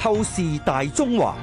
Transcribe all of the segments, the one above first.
透視大中華。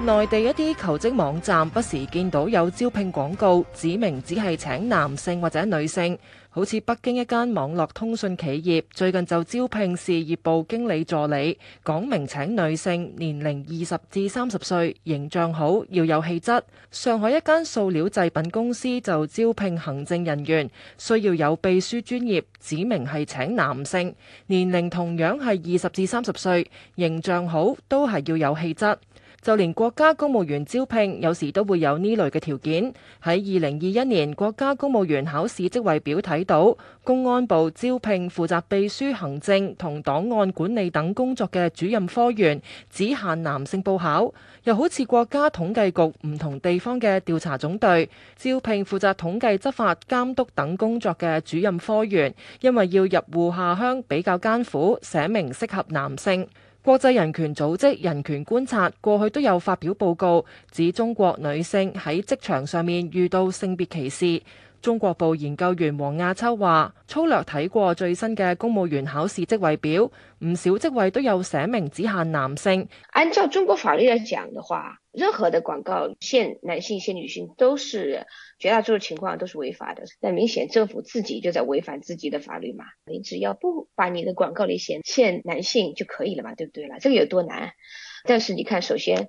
內地一啲求職網站不時見到有招聘廣告，指明只係請男性或者女性。好似北京一間網絡通訊企業最近就招聘事業部經理助理，講明請女性，年齡二十至三十歲，形象好，要有氣質。上海一間塑料製品公司就招聘行政人員，需要有秘書專業，指明係請男性，年齡同樣係二十至三十歲，形象好，都係要有氣質。就連國家公務員招聘，有時都會有呢類嘅條件。喺二零二一年國家公務員考試職位表睇到，公安部招聘負責秘書行政同檔案管理等工作嘅主任科員，只限男性報考。又好似國家統計局唔同地方嘅調查總隊招聘負責統計執法監督等工作嘅主任科員，因為要入戶下鄉比較艱苦，寫明適合男性。國際人權組織人權觀察過去都有發表報告，指中國女性喺職場上面遇到性別歧視。中國部研究員黃亞秋話：粗略睇過最新嘅公務員考試職位表，唔少職位都有寫明只限男性。按照中國法律來講的話，任何的廣告限男性限女性都是絕大多數情況都是違法的。但明顯政府自己就在違反自己的法律嘛。你只要不把你的廣告裏寫限男性就可以了嘛，對不對啦？這個有多難？但是你看，首先。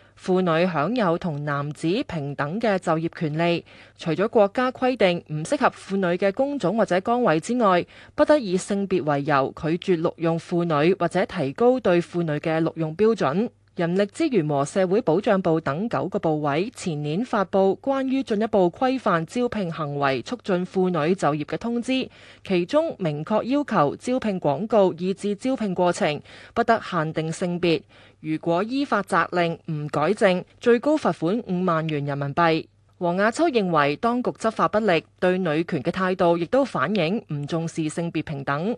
婦女享有同男子平等嘅就業權利，除咗國家規定唔適合婦女嘅工種或者崗位之外，不得以性別為由拒絕錄用婦女，或者提高對婦女嘅錄用標準。人力資源和社會保障部等九個部委前年發布關於進一步規範招聘行為促進婦女就業嘅通知，其中明確要求招聘廣告以至招聘過程不得限定性別。如果依法責令唔改正，最高罰款五萬元人民幣。黃亞秋認為當局執法不力，對女權嘅態度亦都反映唔重視性別平等。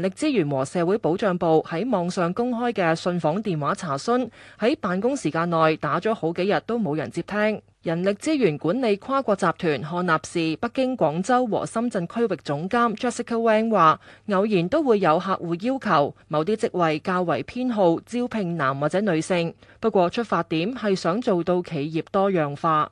人力資源和社會保障部喺網上公開嘅信訪電話查詢，喺辦公時間內打咗好幾日都冇人接聽。人力資源管理跨國集團漢納士北京、廣州和深圳區域總監 Jessica Wang 話，偶然都會有客戶要求某啲職位較為偏好招聘男或者女性，不過出發點係想做到企業多樣化。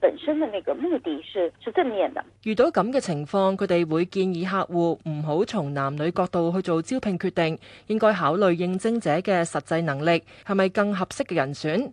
本身嘅那個目的是是正面的。遇到咁嘅情況，佢哋會建議客戶唔好從男女角度去做招聘決定，應該考慮應徵者嘅實際能力，係咪更合適嘅人選。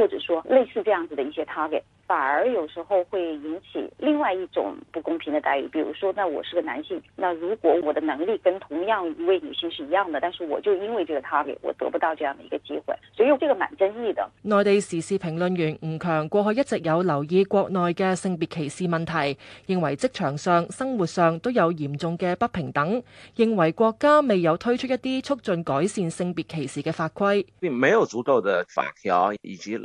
或者說類似這樣子的一些 target，反而有時候會引起另外一種不公平的待遇。比如說，那我是個男性，那如果我的能力跟同樣一位女性是一樣的，但是我就因為這個 target，我得不到這樣的一個機會，所以這個蠻爭議的。內地時事評論員吳強過去一直有留意國內嘅性別歧視問題，認為職場上、生活上都有嚴重嘅不平等，認為國家未有推出一啲促進改善性別歧視嘅法規，並沒有足夠的法條以及。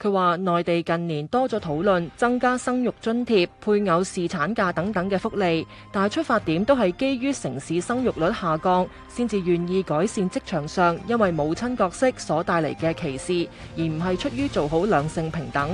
佢話：內地近年多咗討論增加生育津貼、配偶侍產假等等嘅福利，但出發點都係基於城市生育率下降，先至願意改善職場上因為母親角色所帶嚟嘅歧視，而唔係出於做好兩性平等。